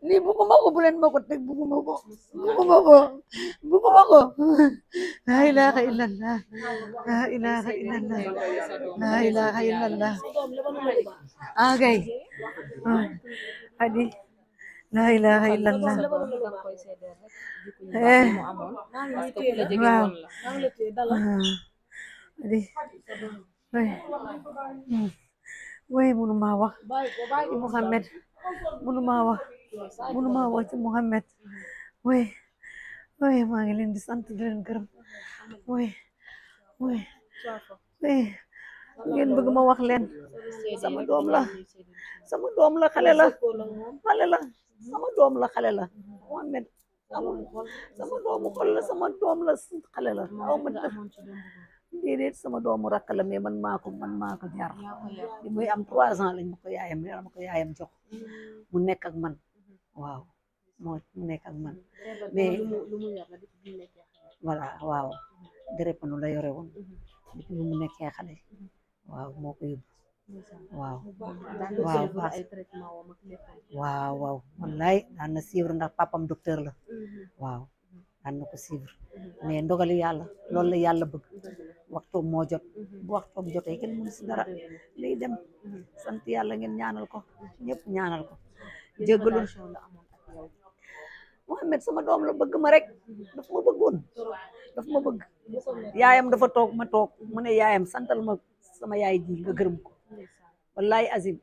Hindi, bukom ako. Bulan mo ko ako. Bukom ako. Bukom ako. Bukom ako. Ah, La ilaha ah, illallah. La ilaha ah, illallah. La ilaha illallah. Okay. Adi. La ilaha illallah. Eh. Wow. Adi. Uy. Hmm. Uy, Bye, bye. Muhammad. mënuma wax mënuma wax ci Muhammad way way maa ngi leen di sant di leen gërëm way way way ngeen bëgg ma wax leen sama doom la sama la xale la xale la sama doom la xale la Muhammad amul sama doomu xol la sama doom la xale la déedéet sama doomu rakk la mais man maa ko man maa ko jar li muy am trois ans lañ ma ko yaayam la ma ko yaayam jox mm-hmm. mu nekk ak man mm-hmm. waaw moo mu nekk ak man mais voilà waaw mm-hmm. dérépanu la yore woon depuis mu nekkee xale waaw moo ko yóbbu waaw waaw waaw waaw wallaay daan na suivre ndax papam docteur la waaw daan na ko suivre mais ndogali yàlla loolu la yàlla bëgg waxtoom moo jot mm-hmm. bu waxtoom jotee kenn mënu si dara mm-hmm. lay dem mm-hmm. sant yàlla ngeen ñaanal ko ñëpp ñaanal ko jéggalul Mohamed sama doom la bëgg ma rek dafa ma bëggoon dafa ma bëgg yaayam dafa toog ma toog mu ne yaayam santal ma sama yaay ji nga gërëm ko wallaay azim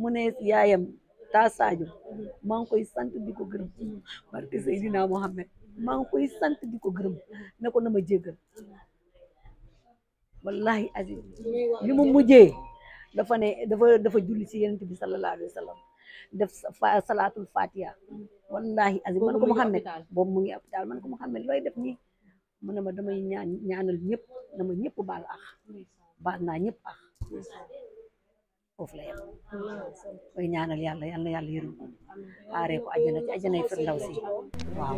mu ne yaayam taa Sadio maa ngi koy sant di ko gërëm barke Seydina Mohamed maa ngi koy sant di ko gërëm ne ko na ma jéggal wallahi azim li mu mujjee dafa ne dafa dafa julli si yonent bi sallallahu alayhi wa sallam def salaatul fatiha wallahi azim man ko Mouhamed boobu mu ngi hôpital man ko Mouhamed looy def nii mu ne ma damay ñaan ñaanal ñëpp dama ñëpp baal ax baal naa ñëpp ax foofu la yem koy ñaanal yàlla yal yàlla yërëm ko aaree ko àjjana si waaw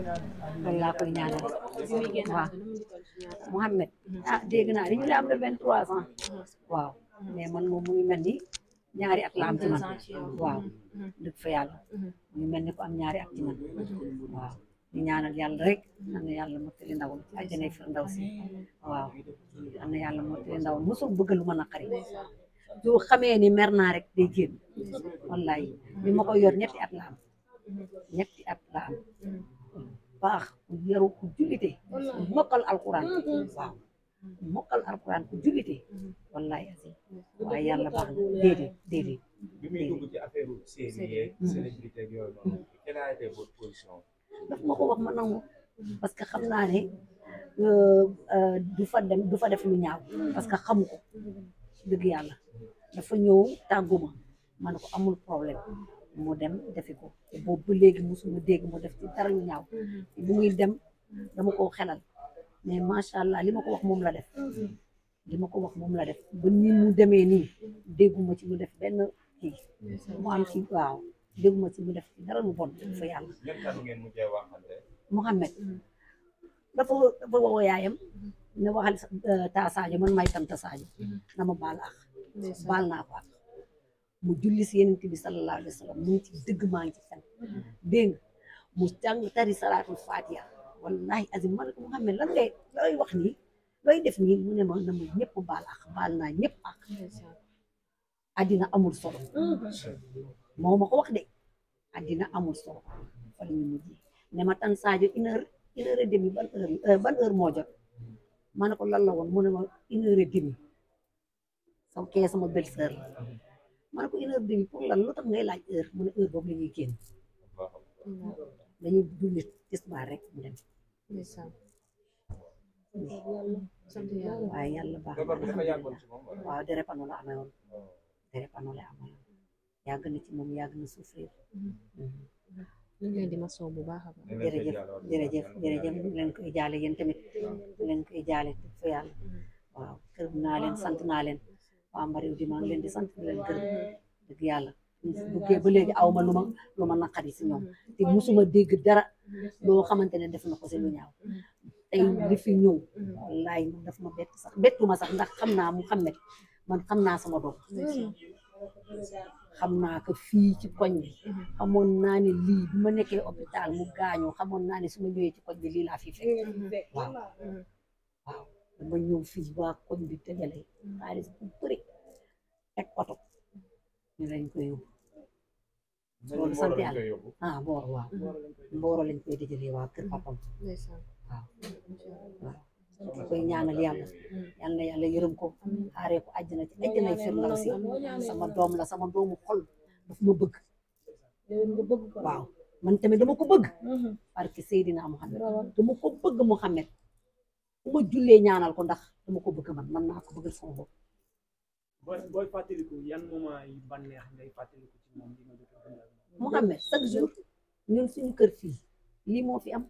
loolu laa koy ñaanal waaw Mouhamed ah la am le vingt trois ans waaw mais man moom mu ngi mel ni ñaari at la am ci man waaw dëgg fa yàlla mu ngi mel ko am ñaari at ci man waaw di ñaanal yàlla rek am na yàlla mottali ndaw àjjana si waaw am na yàlla mottali ndaw mosul bëgg lu ma su xamee ni mer naa rek day génn wallaay ma ko yor ñetti at la am ñetti at la am baax ku yaru ku jullite mokkal alquran waaw mokkal alquran ku jullite wallaay asi waaye yàlla baax na déedéet déedéet bi muy a été votre position daf ma ko wax ma nangu parce que xam naa ne euh, euh, du dem du fa def lu ñaaw parce que xamu ko dëgg yàlla dafa ñëw tàgguma ma ne ko amul problème mu dem defi ko te boobu ba léegi mosuma dégg mu def ci dara lu ñaaw bu muy dem dama ko xelal mais macha allah li ma ko wax moom la def li ma ko wax moom la def ba ni mu demee nii dégguma ci mu def benn kii mu am ci waaw dégguma ci mu def ci dara lu bon fa yàlla Mouhamed dafa dafa woo yaayam ne waxal eh, taa Sadio man may tanta Sadio mhm. na ma baal ak baal naa ko ak julli si yenent bi sallallahu alayhi mu ngi ci dëgg maa ngi ci fen mhm. dégg nga mu jàng tari salaatul fatiha wallahi azim man ko Muhammad lan ngay looy wax ni looy def nii mu ne ma na ma ñëpp baal ak baal naa ñëpp ak addina amul solo mhm. moo ma wax de addina amul solo fa la ñu mujjee ne ma tan Sadio une heure une heure et demie eh, jot ma ne ko lan la woon mu ne ma une heure et demie sama kee sama belle la ma ne ko une heure pour lan lu tax ngay mu ne heure boobu la ñuy génn dañuy julli tisbaar rek mu dem waaye yàlla baax waaw dérépano la amee woon dérépano yàgg na ci moom yàgg na souffrir mm-hmm. Mm-hmm. Mm-hmm. ñu ngi leen di masoo bu baax a leen koy jaale yéen tamit leen koy jaale dëgg fa yàlla waaw gërëm naa leen sant naa leen waa Mbariw di maa ngi leen di sant di leen gërëm dëgg yàlla ba léegi aw ma lu ma lu ma naqari te musuma dégg dara loo xamante ne def na ko si ñaaw tey li fi ñëw wallaay moom daf ma bett sax bettuma sax ndax xam naa mu xam ne man xam naa sama doom xam naa ko fii ci koñ bi mhm. xamoon naa ne lii bi ma nekkee hôpital mu gaañoo xamoon naa ne su ma ñëwee ci koñ bi lii laa fi fekk waaw waaw dama ñëw fii waa koñ bi dajale mhm. xaalis bu bëri teg oto ñu lañ koy yóbbu loolu ah, mhm. lañ koy dajale waa kër papam waaw ñu koy ñaanal yàlla mm. yal na yàlla yërëm ko aaree ko àjjana ci àjjanay si sama doom la sama doomu xol daf ma bëgg waaw man tamit dama ko bëgg mm-hmm. barke Seydina Muhammad dama ko bëgg Muhammad bu ñaanal ko ndax dama ko bëgg man man naa ko bëgg sama bopp booy booy fàttaliku yan moment yi kër fii lii moo fi am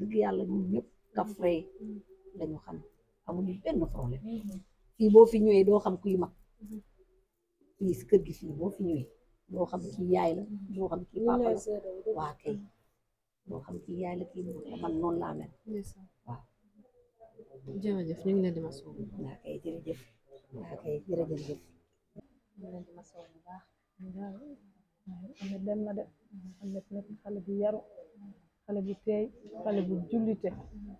dëgg yàlla ñun ñëpp kafre mm-hmm. lañu xam amuñu benn problème mm-hmm. fii boo fi ñëwee doo xam kuy mag mm-hmm. fii si kër gi fii boo fi ñëwee doo xam kii yaay la doo xam kii papa la waa kay doo xam kii yaay la kii man noonu laa mel waaw jërëjëf ñu ngi leen di kay jërëjëf waa kay jërëjëf ñu leen di masoo bu baax na dem na de xale bu yaru xale bu teey xale bu jullite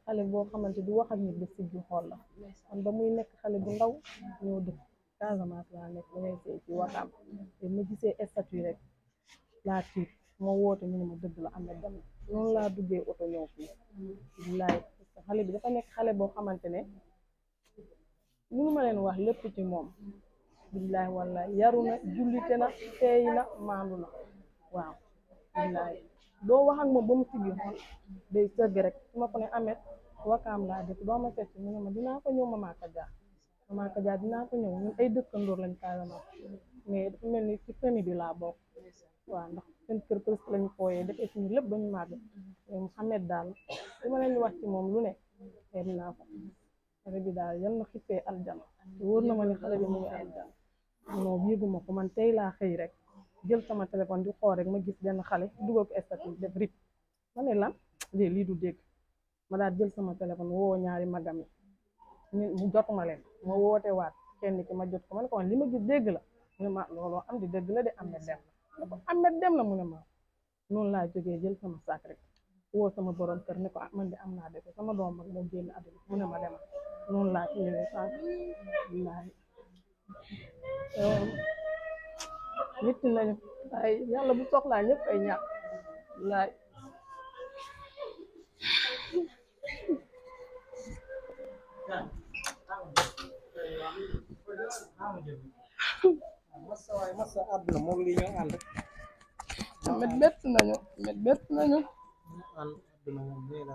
xale boo xamante du wax ak nit di siggi xool la kon ba muy nekk xale bu ndaw ñoo dëkk Casamance laa nekk ba ngay sey ci waxaam te ma gisee statut laa tiit moo woote ñu ne ma dëgg la am na dem noonu laa duggee oto ñëw fii bilaay xale bi dafa nekk xale boo xamante ne mënu leen wax lépp ci moom bilaay wallaay yaru na jullite na teey na maandu waaw bilaay doo wax ma moom ba mu sigg xool day sëgg rek su ma ko ne amet wakaam laa dëkk doo ma fekk mu ne ma dinaa ko ñëw Mama Kaja Mama Kaja dinaa ko ñëw ñun ay dëkkandoor lañ Casamance mais dafa mel ni ci famille bi laa bokk waaw ndax seen kër presque lañu fooyee defee suñu lépp ba ñu màgg mais Mouhamed daal li ma leen di wax ci moom lu ne xeeb naa ko xale bi daal yal na xippee aljana wóor na ma ne xale bi mu ngi aljana non yëguma ko man tey laa xëy rek jël sama téléphone di xool rek ma gis ben xalé dugal ko statut def rip mané lan lii li du dégg ma daal jël sama téléphone wo ñaari magami, yi ñu jotuma len ma woté waat kenn ki ma jot ko man ko gis dégg la ñu ma lolo am di dégg la de am dem am na dem la mu ne ma non la jógee jël sama sac rek wo sama borom kër ne ko ah, man de am naa sama doom mag moo génn àdduna mu ne ma dem non la ci nit nañu waaye yàlla bu soxlaa ñëpp ay ñàkk laay massa waay massa àdduna moom li ñoo ànd met bett nañu met bett nañu ànd àdduna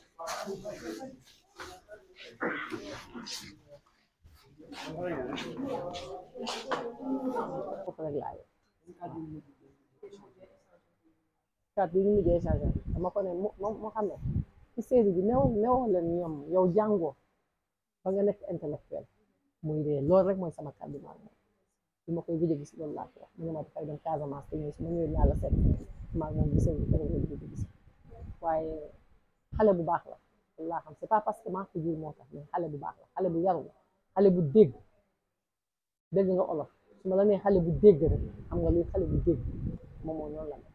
carte bi ñu mujjee échangé dama ko ne moo moo xam ne ci série bi new newoo leen yow jàngoo ba nga nekk intellectuel muy dee loolu rek mooy sama kàddu maa moom li ma koy gëj a gis loolu laa ko mu ne ma dafay dem Casamance te ñëw su ma ñëwee maa waaye xale bu baax la loolu laa xam c'est pas parce que maa ko moo tax mais xale bu baax la xale bu yaru la bu dégg dégg nga olof su ma la nee xale bu dégg rek xam nga luy xale bu moo ñoo la mel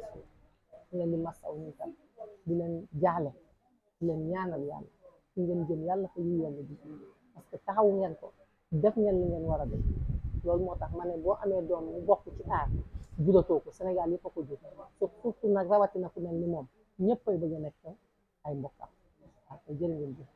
waaw leen di masaw ñu tam jaale di leen ñaanal yàlla fi ngeen jëm yàlla fa yu yàlla ji parce que taxawu ngeen ko def ngeen li ngeen war a def loolu moo tax ma ne boo amee doom mu bokk ci aar julatoo ko Sénégal yi a ko jur surtout nag rawatina ku mel ni moom ñëpp ay bëgg a nekk ay mbokkam waaw jërë